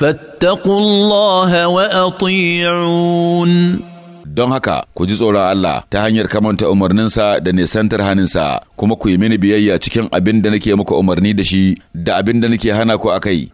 فاتقوا الله وأطيعون don haka ku ji tsoron Allah ta hanyar kamanta umarninsa da nisantar haninsa kuma ku yi mini biyayya cikin abin da nake muku umarni da shi da abin da nake hana ku a kai.